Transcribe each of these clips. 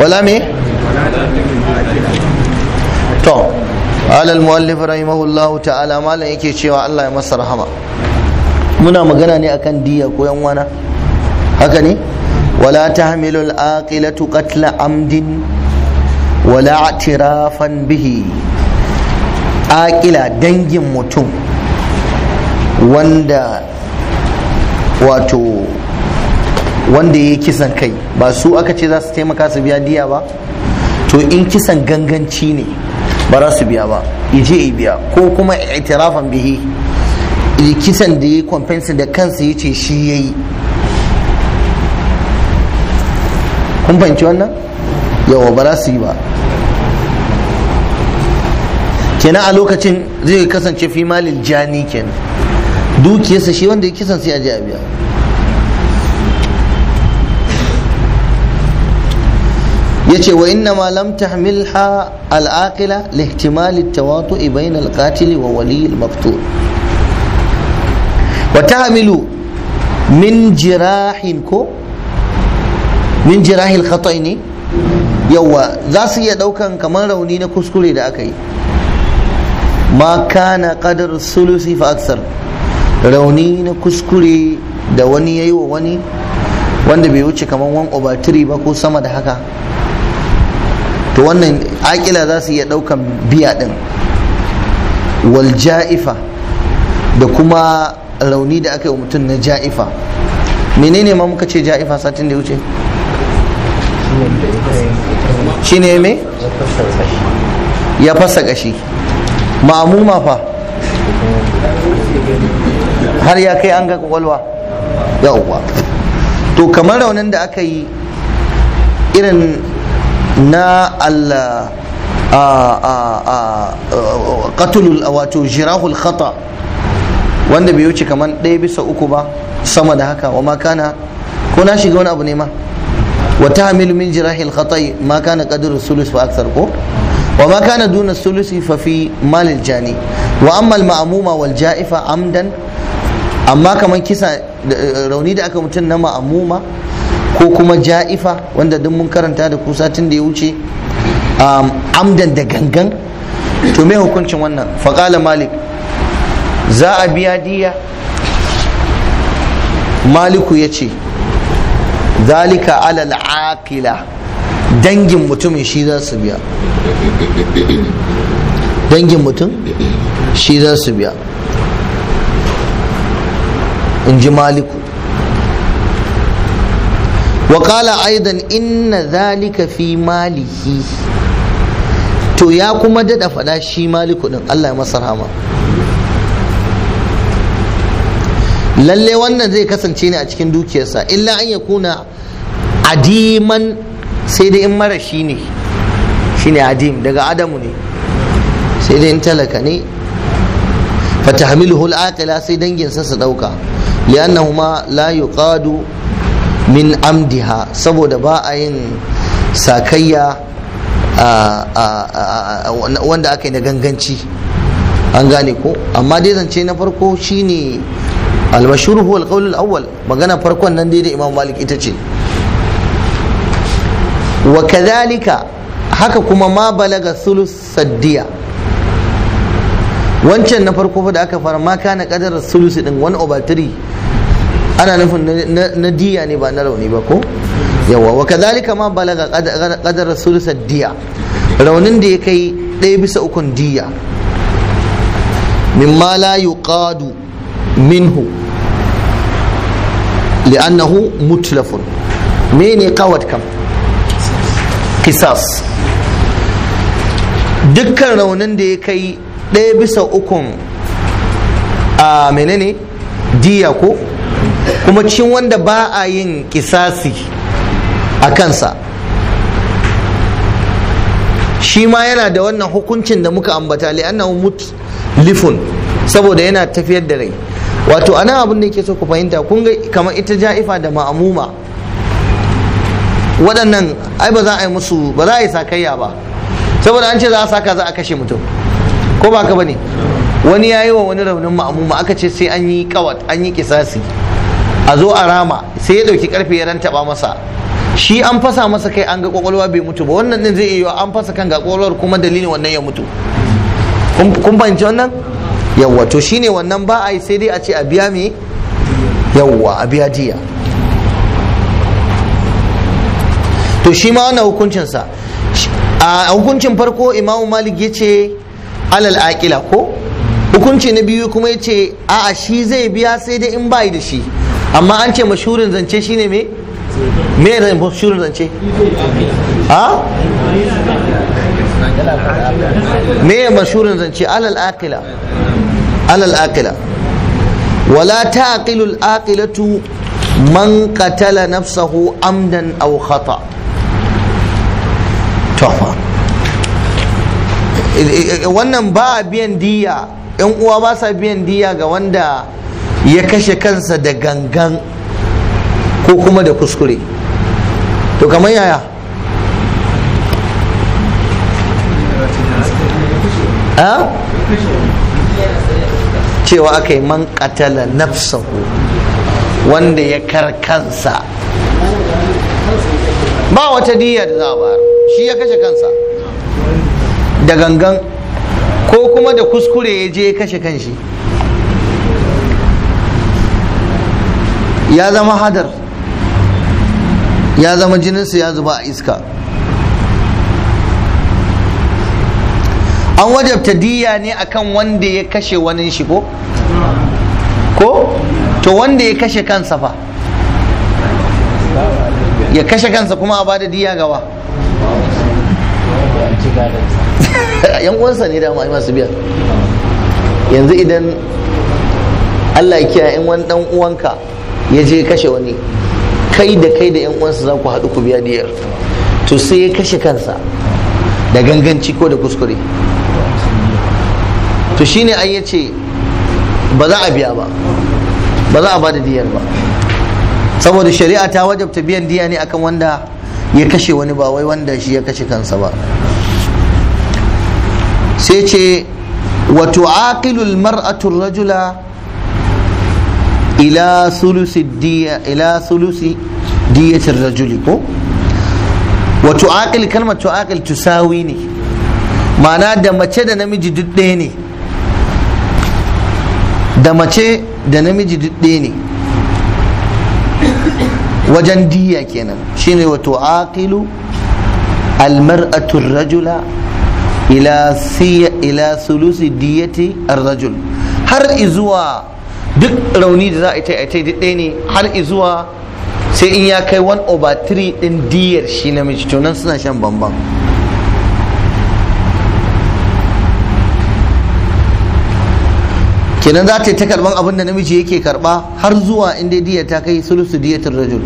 wala me to alal muallif rahimahullahu ta'ala malam yake cewa Allah ya masa rahama muna magana ne akan diya koyan yan wana haka ne wala tahmilul al-aqilatu qatla amdin wala atirafan bihi aqila dangin mutum wanda wato wanda ya yi kisan kai ba su aka ce za su taimaka su biya diya ba to in kisan ganganci ne ba za su biya ba ije ya biya ko kuma itirafan bihi kisan da ya yi da kansa ya ce shi ya yi kun fahimci wannan yawa ba za su yi ba kenan a lokacin zai kasance fi malil jani kenan dukiyarsa shi wanda ya kisan sai a je a biya yace wa inna ma lam tahmilha al-aqila li ihtimal at-tawatu'i bayna al-qatil wa wali al-maqtul wa tahmilu min jirahin ko min jirahi al ne yawa za su iya daukan kamar rauni na kuskure da aka yi ma kana qadar sulusi fa aksar rauni na kuskure da wani yayi wa wani wanda bai wuce kamar wan over ba ko sama da haka to wannan akila za su iya ɗaukan biya ɗin wal ja'ifa da kuma rauni da aka yi wa mutum na ja'ifa menene ma muka ce ja'ifa satin da ya wuce shi ne me ya fasa kashi ma'amuma fa har ya kai an ga kwakwalwa uwa to kamar raunin da aka yi irin na Allah katulul wato jirahul khata wanda bai wuce kamar ɗaya bisa uku ba sama da haka wa makana ko na shiga wani abu ne ma wa tahmilu min jirahil khata'i ma kana qadru sulus fa aksar ko wa ma kana duna sulusi fa fi malil jani wa amma al ma'muma wal ja'ifa amdan amma kamar kisa rauni da aka mutum na ma'amuma ko kuma ja'ifa wanda duk mun karanta da kusa tun da ya wuce um, amdan da gangan to mai hukuncin wannan faƙala malik za a biya diya maliku ya ce zalika alal aqila dangin mutumin shi za su biya dangin mutum shi za su biya in ji maliku wa qala aidan inna zalika fi malihi to ya kuma dada fada shi maliku din Allah ya masa rahama lalle wannan zai kasance ne a cikin dukiyarsa illa an yakuna adiman sai dai in mara shi ne shi ne adim daga adamu ne sai dai in talaka ne fatahmiluhu al-aqila sai danginsa su dauka li'annahuma la yuqadu min amdiha saboda ba a yin sakayya wanda aka yi na ganganci an gane ko amma dai zance na farko shine almashhur huwa alqawl magana farkon nan dai da imam malik ita ce wa kadhalika haka kuma ma balaga thuluth saddiya wancan na farko da aka fara ma kana kadar thuluth din one over three. ana nufin na diya ne ba na rauni ba ko yawa wa kadhalika ma balaga qadar sulusad diya raunin da ya kai daya bisa ukun diya mimma la yuqadu minhu li'annahu mutlafun mene qawat kam kisas dukkan raunin da ya kai daya bisa ukun a menene diya ko kuma cin wanda ba a yin kisasi a kansa shi ma yana da wannan hukuncin da muka ambata li'annahu mutlifun saboda yana tafiyar da rai wato anan abin da yake so ku fahimta kun ga kamar ita ja'ifa da ma'amuma waɗannan ai ba za a yi musu ba za a yi sakayya ba saboda an ce za a saka za a kashe mutum ko ba ka bane wani ya yi wa wani raunin ma'amuma aka ce sai an yi kawat an yi kisasi a zo a rama sai ya dauki karfe ya rantaba masa shi an fasa masa kai an ga kwakwalwa bai mutu ba wannan din zai iya an fasa kan ga kwakwalwar kuma dalilin wannan ya mutu kun fahimci wannan yawwa to shine wannan ba a yi sai dai a ce a biya me yawwa a biya jiya to shi ma wannan hukuncinsa a hukuncin farko imamu malik ya ce alal akila ko hukunci na biyu kuma ya ce a'a shi zai biya sai dai in bai da shi amma an ce mashurin zance shine me me da mashurin zance a me mashurin zance alal aqila alal aqila wala taqilu al aqilatu man qatala nafsahu amdan aw khata tofa eh, eh, eh, wannan ba biyan diya yan uwa ba sa biyan diya ga wanda ya kashe kansa da gangan ko kuma da kuskure to kamar yaya cewa aka yi man katala nafsahu wanda ya kar kansa ba wata diya da za shi ya kashe kansa da gangan ko kuma da kuskure ya je ya kashe kanshi shi ya zama hadar ya zama jininsa ya zuba a iska an wajabta diya ne akan wanda ya kashe wani shi ko ko to wanda ya kashe kansa fa ya kashe kansa kuma a bada diya gawa yan uwansa ne dama masu biya yanzu idan Allah ya kiyaye in wani dan uwanka ya je kashe wani kai da kai da yan uwansa za ku haɗu ku biya diyar to sai ya kashe kansa da ganganci ko da kuskure to shine an yace ba za a biya ba ba za a ba da diyar ba saboda shari'a ta wajabta biyan diya ne akan wanda ya kashe wani ba wai wanda shi ya kashe kansa ba sai ce wato aqilul mar'atu rajula ila sulusi diya rajuli ko wa tu'aqil kalmar tu'aqil tusawi ne ma'ana da mace da namiji ne da mace da namiji ne wajen diya kenan shine wa tu'aqilu almar'atu rajula ila sulusi rajul har izuwa duk rauni da za a yi ta yi duk ɗaya ne har zuwa sai in ya kai 1 over 3 ɗin diyar shi namiji to nan suna shan bambam kenan za ta yi ta karban abin da namiji yake karba har zuwa inda diyar ta kai sulusu diyatar rajul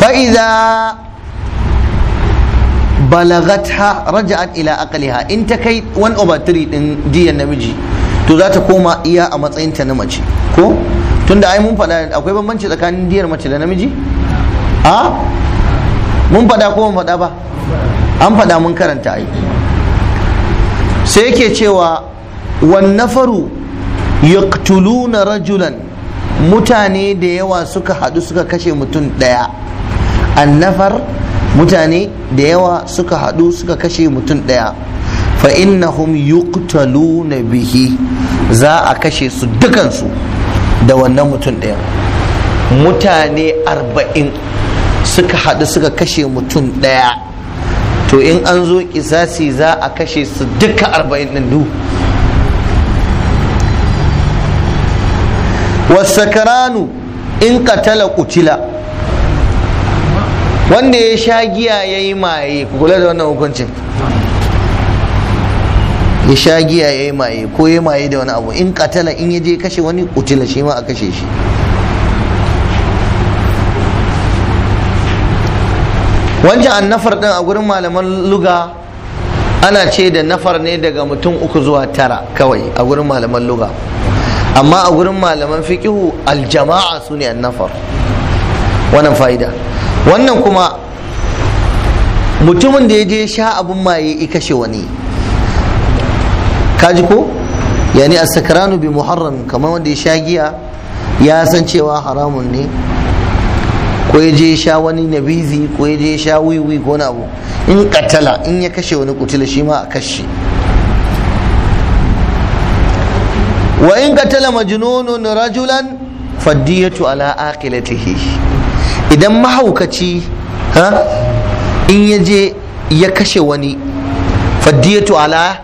fa'iza balagatha raja'at ila aqliha in ta kai 1 over 3 ɗin diyar namiji to za ta koma iya a matsayin ta na mace ko tunda ai mun faɗa akwai bambanci tsakanin diyar mace da namiji a mun faɗa ko mun faɗa ba an faɗa mun karanta ai sai yake cewa wan nafaru yaqtuluna rajulan mutane da yawa suka haɗu suka kashe mutum ɗaya annafar mutane da yawa suka haɗu suka kashe mutum ɗaya fa innahum na bihi za a kashe su dukansu da wannan mutum ɗaya mutane arba'in suka haɗu suka kashe mutum ɗaya to in an zo kisasi za a kashe su duka arba'in ɗin du wasakaranu in katala kutila wanda ya sha giya ya yi maye kula da wannan hukuncin ya sha giya ya yi maye ko ya maye da wani abu in katala in ya je kashe wani kutila shi ma a kashe shi wancan annafar din a gurin malaman luga ana ce da nafar ne daga mutum uku zuwa tara kawai a gurin malaman luga amma a gurin malaman fiƙihu aljama'a su ne annafar wannan fa'ida wannan kuma mutumin da ya je sha abin maye i kashe wani kaji ko yani as-sakranu bi muharram kamar wanda ya sha giya ya san cewa haramun ne ko ya je sha wani nabizi ko ya je sha wiwi ko na abu in katala in ya kashe wani kutila shi ma a kashe wa in katala majnunun rajulan faddiyatu ala aqilatihi idan mahaukaci ha in ya je ya kashe wani faddiyatu ala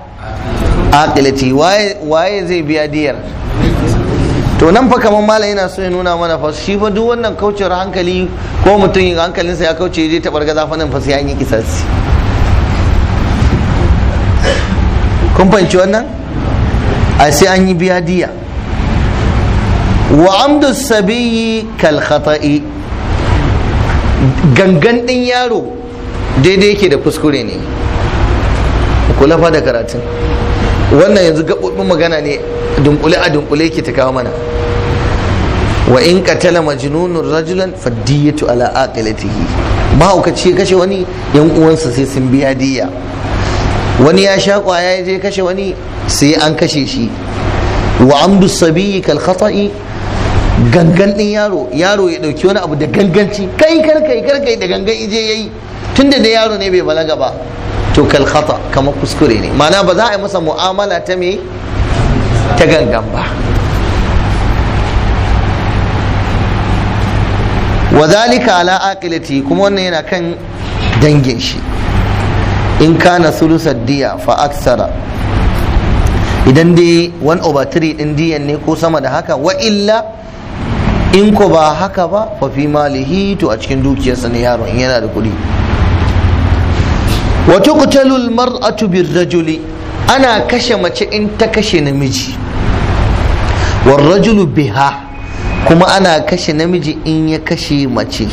aqilati waye waye zai biya diyar to nan fa kamar malam yana so ya nuna mana fa shi fa duk wannan kaucewar hankali ko mutum hankalinsa ya kauce ya je ta barga fa nan fa sai an yi kisasi kun fahimci wannan a sai an yi biya diya wa amdu sabiyi kal khata'i gangan din yaro daidai yake da kuskure ne kula fa da karatun wannan yanzu gaɓoɓin magana ne dunkule a dunkule ke ta kawo mana wa in qatala majnunun rajulan faddiyatu ala aqilatihi kashe wani yan uwansa sai sun biya diya wani ya sha kwaya ya je kashe wani sai an kashe shi wa amdu sabiyi kal khata'i gangan din yaro yaro ya dauki wani abu da ganganci kai kar kai da gangan ije yayi tunda da yaro ne bai balaga ba to kal khata kamar kuskure ne mana ba za a yi masa mu'amala ta me ta gangan ba wa zalika ala aqilati kuma wannan yana kan dangin shi in kana sulusar diya fa aksara idan dai 1 over 3 din diyan ne ko sama da haka wa illa in ko ba haka ba fa fi malihi to a cikin dukiyarsa ne yaron yana da kuɗi wa tuqtalul mar'atu birrajuli ana kashe mace in ta kashe namiji war rajulu biha kuma ana kashe namiji in ya kashe mace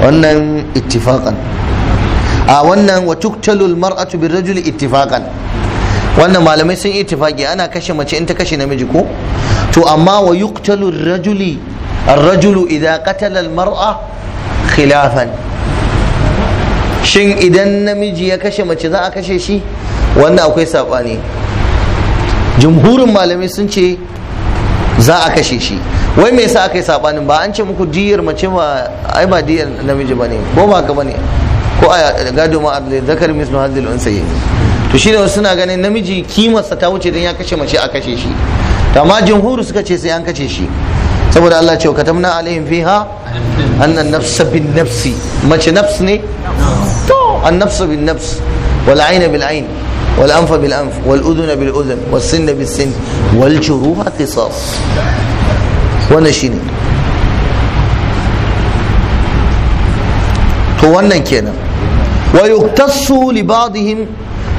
wannan ittifaqan a wannan wa tuqtalul mar'atu birrajuli ittifaqan wannan malamai sun ittifaqi ana kashe mace in ta kashe namiji ko to amma wa yuqtalu rajuli ar-rajulu idha qatala al-mar'a khilafan shin idan namiji ya kashe mace za a kashe shi wannan akwai saɓani jumhurin malamai sun ce za a kashe shi wai me yasa aka yi saɓanin ba an ce muku diyar mace ma ai ba diyar namiji ba ne ko ba haka ba ne ko a gado ma adalai zakar mislu hazil yi." to ne wasu suna ganin namiji kimarsa ta wuce don ya kashe mace a kashe shi amma jumhuru suka ce sai an kashe shi saboda Allah ce katamna alaihim fiha annan nafsa bin nafsi mace nafs ne النفس بالنفس والعين بالعين والأنف بالأنف والأذن بالأذن والسن بالسن والجروح قصاص ونشين هو كينا ويقتص لبعضهم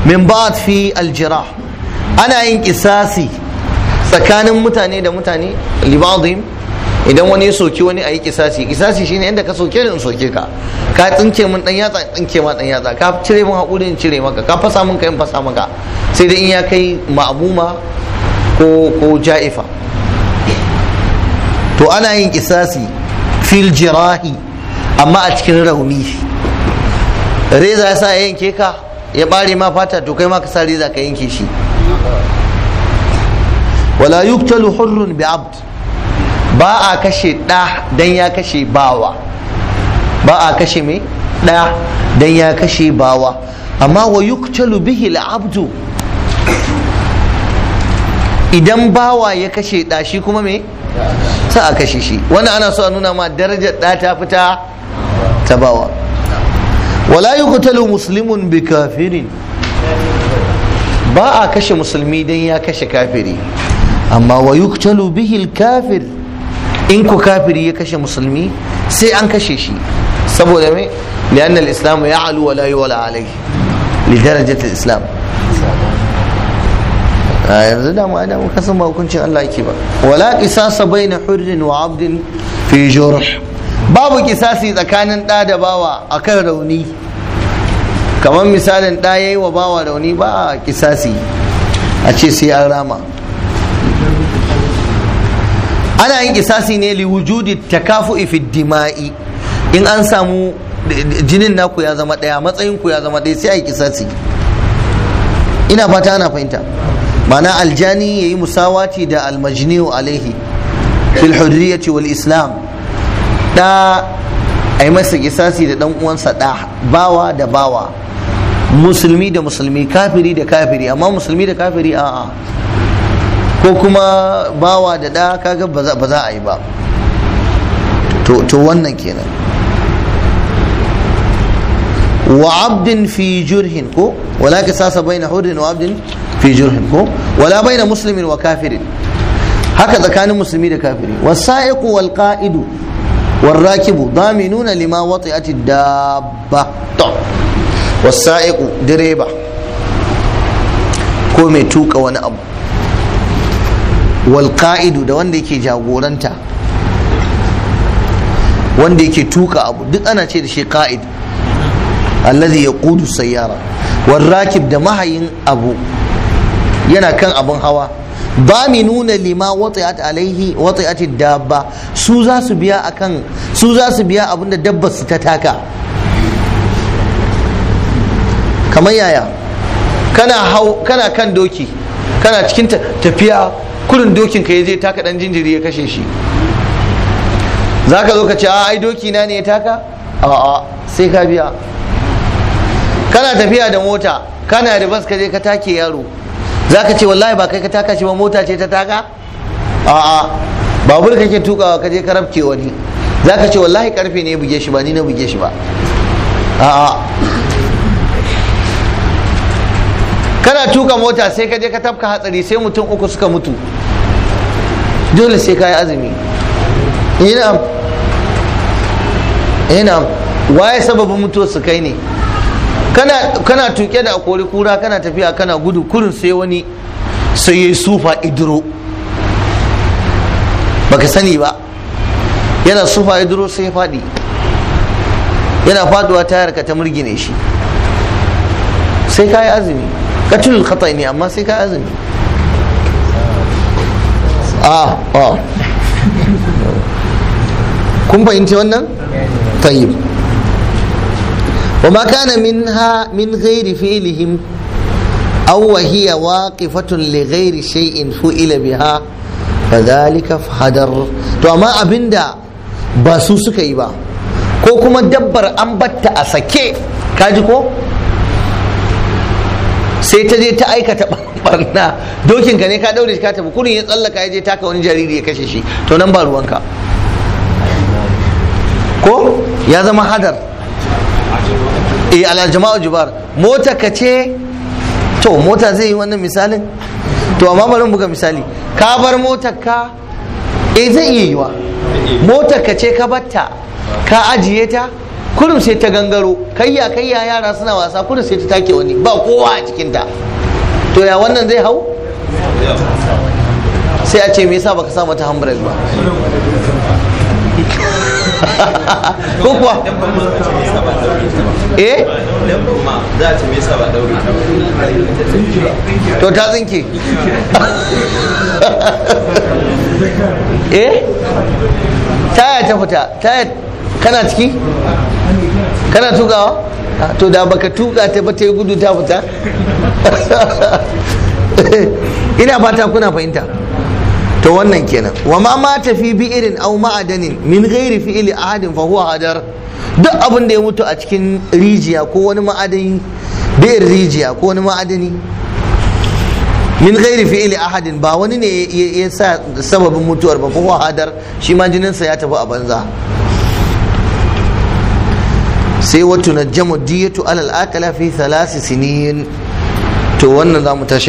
من بعض في الجراح أنا إن قصاصي tsakanin mutane da mutane libadin idan wani ya soki wani a yi kisasi kisasi shine inda ka soke ni in soke ka ka tsinke min dan yatsa tsinke ma dan yatsa ka cire min hakuri in cire maka ka fasa min ka in fasa maka sai dai in ya kai ma'amuma ko ko ja'ifa to ana yin kisasi fil jirahi amma a cikin rauni reza ya sa ya yanke ka ya bare ma fata to kai ma ka sa reza ka yanke shi wala yuktalu hurrun bi abd ba a kashe ɗa don ya kashe bawa ba a kashe mai ɗa don ya kashe bawa amma wa yuktalu bihi abdu idan bawa ya kashe ɗa shi kuma mai sa a kashe shi wannan ana so a nuna ma darajar ɗa ta fita ta bawa wala yuqtalu muslimun bi kafirin ba a kashe musulmi dan ya kashe kafiri amma wa yuqtalu bihi al kafir in ku kafiri ya kashe musulmi sai an kashe shi saboda me lian al-islam ya alu wala yuwala alai li darajat al-islam a yanzu da mu adamu kasan ba hukuncin Allah yake ba wala qisasa baina hurrin wa abdin fi jurh babu kisasi tsakanin da da bawa akan rauni kamar misalin da yayi wa bawa rauni ba kisasi a ce sai an rama ana yin kisasi ne li wujudi ta fi in an samu jinin naku ya zama daya matsayin ku ya zama daya sai a yi kisasi ina fata ana fahimta ma'ana aljani yayi musawati da almajniu alaihi fil hurriyati wal islam da ai masa kisasi da dan uwansa da bawa da bawa musulmi da musulmi kafiri da kafiri amma musulmi da kafiri a'a ko kuma bawa da ɗa kaga ba za a yi ba to wannan kenan wa abdin fi jurhin ko wala ka sasa baina hurdin wa abdin fi jurhin ko wala baina muslimin wa kafirin haka tsakanin musulmi da kafiri wasa'iqu wal qa'idu wal rakibu daminuna lima wati'ati dabba to wasa'iqu direba ko mai tuka wani abu Walƙa'idu da wanda yake jagoranta wanda yake tuka abu duk ana ce da shi ƙa'id allazi ƙudu sayyara wal rakib da mahayin abu yana kan abin hawa Ba mi nuna lima wati'at alaihi wati'at dabba su za su biya akan su za su biya da dabba su ta taka kamar yaya kana hau kana kan doki kana cikin tafiya kurin dokin ka je taka dan jinjiri ya kashe shi zaka zo ka ce a ai doki na ne ya taka a'a sai ka biya kana tafiya da mota kana da bas ka je ka take yaro zaka ce wallahi ba kai ka taka shi ba mota ce ta taka a'a babur kake tukawa ka je ka rafke wani zaka ce wallahi karfe ne buge shi ba ni na buge shi ba a'a kana tuka mota sai ka je ka tafka hatsari sai mutum uku suka mutu dole sai ka yi azumi ina eh, inam eh, waye sababin mutuwar su kai ne kana tuke da akori kura kana tafiya kana gudu kurin sai wani sai ya sufa idiro baka sani ba yana sufa idiro sai ya yana faduwa tayar ka ta murgine shi sai ka yi azumi katul khata ne amma sai ka yi azumi Ah, ah. kun fahimci wannan tayyib wa ma min ha min ghairi fi'lihim aw wa hiya waqifatun li ghairi shay'in fu'ila biha fadhalika fahadar to amma abinda ba su suka yi ba ko kuma dabbar an batta a sake kaji ko sai ta je ta aikata barna dokin ka ne ka daure ka tafi kurin ya tsallaka ya je taka wani jariri ya kashe shi to nan ba ruwanka ko ya zama hadar eh ala jama'a jubar mota ka ce to mota zai yi wannan misalin to amma bari buga misali ka bar motar ka eh zai iya yiwa motar ka ce ka batta ka ajiye ta kurum sai ta gangaro kayya kayya yara suna wasa kurum sai ta take wani ba kowa a cikinta ta to ya wannan zai hau sai a ce me yasa baka sa ta handbrake ba ko kuwa eh to ta tsinke eh yaya ta fita taya kana ciki kana tukawa ah, to da baka tuka ta ba ta yi gudu ta fita ina fata kuna fahimta to wannan kenan wa ma ma fi bi irin au ma'adanin min ghairi fi'li ahadin fa huwa hadar duk abin da ya mutu a cikin rijiya ko wani ma'adani bi'ir rijiya ko wani ma'adani min ghairi fi'li ahadin ba wani ne ya sa sababin mutuwar ba ko hadar shi ma jininsa ya tafi a banza sai wata najjamu diyatu alal akala fi thalath sinin to wannan za mu tashi